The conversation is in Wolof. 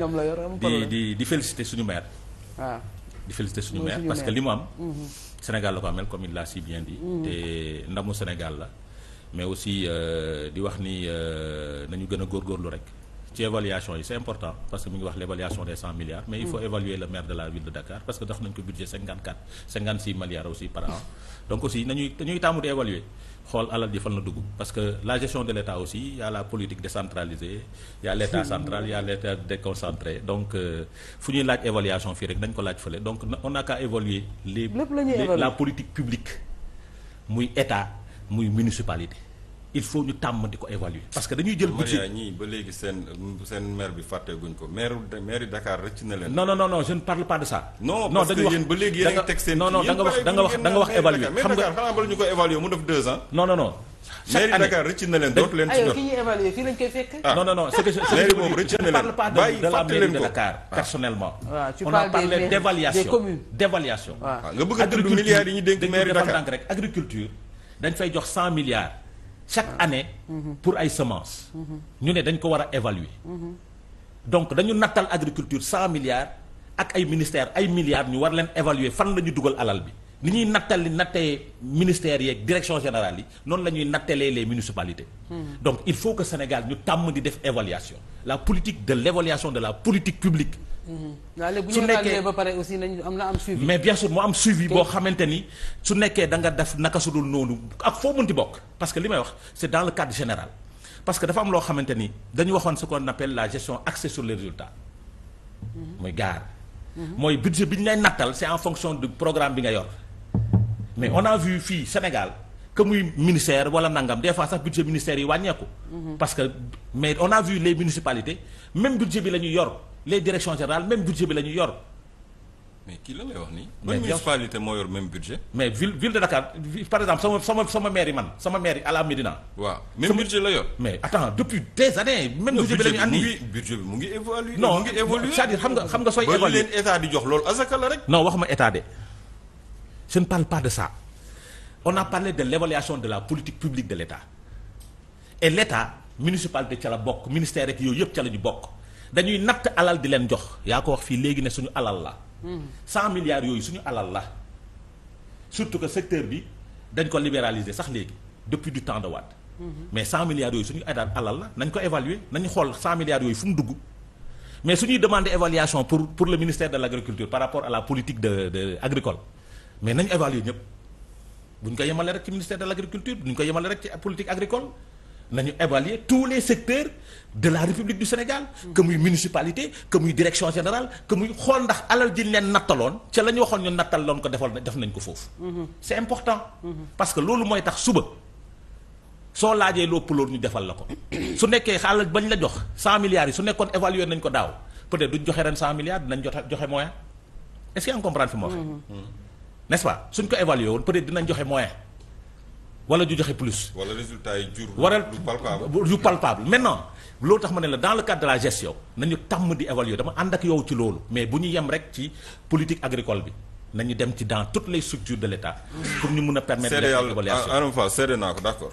ñoom la yor di di di féliciter suñu maire. waaw ah. di féliciter suñu maire parce que li mu am. Mm-hmm. Sénégal la ko amel comme il l'a si bien dit. Mm-hmm. te ndamu Sénégal la mais aussi euh, di wax ni euh, nañu gën a góor góorlu rek. ci évaluation yi c'est important parce que mu ngi wax l'évaluation des cent milliards mais mm. de la ville de Dakar parce que def nañ ko budget cinquante quatre cinquante six milliards aussi par an donc aussi nañuy dañuy taamu di évaluer xool alal ji fan la dugg parce que la gestion de l'État aussi il la politique décentralisée il l'État mm. central il l'État déconcentré donc euh, fu ñuy laaj évaluation fii rek nañ ko laaj fële donc on n'a qu'à évaluer les la politique publique muy État muy municipalité il faut ñu tàmm di ko évaluer parce que dañuy jël budget ñii ba léegi seen seen maire bi fàtte guñ ko maire maire Dakar rëcc na leen. non non non je parle pas de ça. non parce que yéen ba léegi a ngi teg seen non non da nga wax da nga Dakar rëcc na leen dootu leen ci jot. ki ñuy évaluer fii lañ koy fekk. Ah. non non non c'est que je ne parle pas de de Dakar ah. personnellement. Ah, nga bëgg a tudd yi ñu dénk maire Dakar agriculture dañ fay jox cent milliards chaque année. pour ay semences. ñu ne dañ ko war a évaluer. donc dañu nattal agriculture cent milliards ak ay ministères ay milliards ñu war leen évaluer fan la ñu dugal alal bi ni ñuy nattal li nattee ministères yeeg direction général yi noonu la ñuy nattalee les municipalités. Hmm. donc il faut que Sénégal ñu tàmm di def évaluation la politique de l' de la politique publique. Mm-hmm. su nekkee ba pare aussi nañ am na am suivi. mais bien sûr mu am suivi boo xamante ni su nekkee da nga def naka su dul noonu ak foo munti bokk parce que li may wax c' est dans le cadre général. parce que dafa am loo xamante ni dañu waxoon ce qu'on appelle la gestion axée sur les résultats. Mm-hmm. mooy gaar. Mm-hmm. mooy budget bi ñu lay nattal c' est en fonction du programme bi nga yor. mais on a vu fii Sénégal que muy ministère wala nangam des fois sax budget ministère yi wàññeeku. parce que mais on a vu les municipalités même budget bi la ñuy yor. les directions générales même budget bi la ñu yor. mais kii lan lay wax nii. mais moo yor même budget. mais ville ville de Dakar par exemple sama sama sama maire man sama maire yi à la Médina. waaw même budget la yor. mais attends depuis des années. même budget bi mu ngi évolué. non mu ngi évolué c'est-à-dire xam nga xam nga sooy. évolué ba leen état di jox loolu asaka la rek. non waxuma état de je ne parle pas de ça on a parlé de l'évaluation de la politique publique de l'État bokk ministère rek yooyu yëpp ca la ñu bokk. dañuy natt alal di leen jox yaa ko wax fii léegi ne suñu alal la. 100 hmm. milliards yooyu suñu alal la surtout que secteur bi dañ ko libéraliser sax léegi depuis du temps de Wade. Hmm. mais 100 milliards yooyu suñu adaan alal la nañ ko évaluer nañu xool 100 milliards yooyu fu mu dugg. mais suñuy demander évaluation pour pour le ministère de l' agriculture par rapport à la politique de de agricole mais nañu évaluer ñëpp bu ñu ko yemale rek ci ministère de l' bu ñu nañu évaluer tous les secteurs de la République du Sénégal que muy municipalité que muy direction générale que xool ndax alal ji leen nattaloon ca la ñu waxoon ñu nattal loon ko defal def nañ ko foofu mhm. c'est important mhm. parce que loolu mooy tax suba soo laajee loo loolu ñu defal la ko su nekkee xaalis bañ la jox cent milliards su nekkoon évaluer nañ ko daaw peut-être duñ joxe ren cent milliards dinañ joxe joxe moyen est-ce que yaa ngi fi ma waxee mhm. n'est-ce suñ ko évaluer woon peut-être dinañ joxe moyen wala ju joxe plus. wala résultat yi jur. waral yu palpable maintenant loolu tax ma ne la dans le cadre de la gestion nañu tàmm di évaluer dama ànd ak yow ci loolu mais bu ñu yem rek ci politique agricole bi. nañu dem ci dans toutes les structures de l'État pour ñu mun a permettre. l'évaluation Arame Fall seede naa ko d'accord.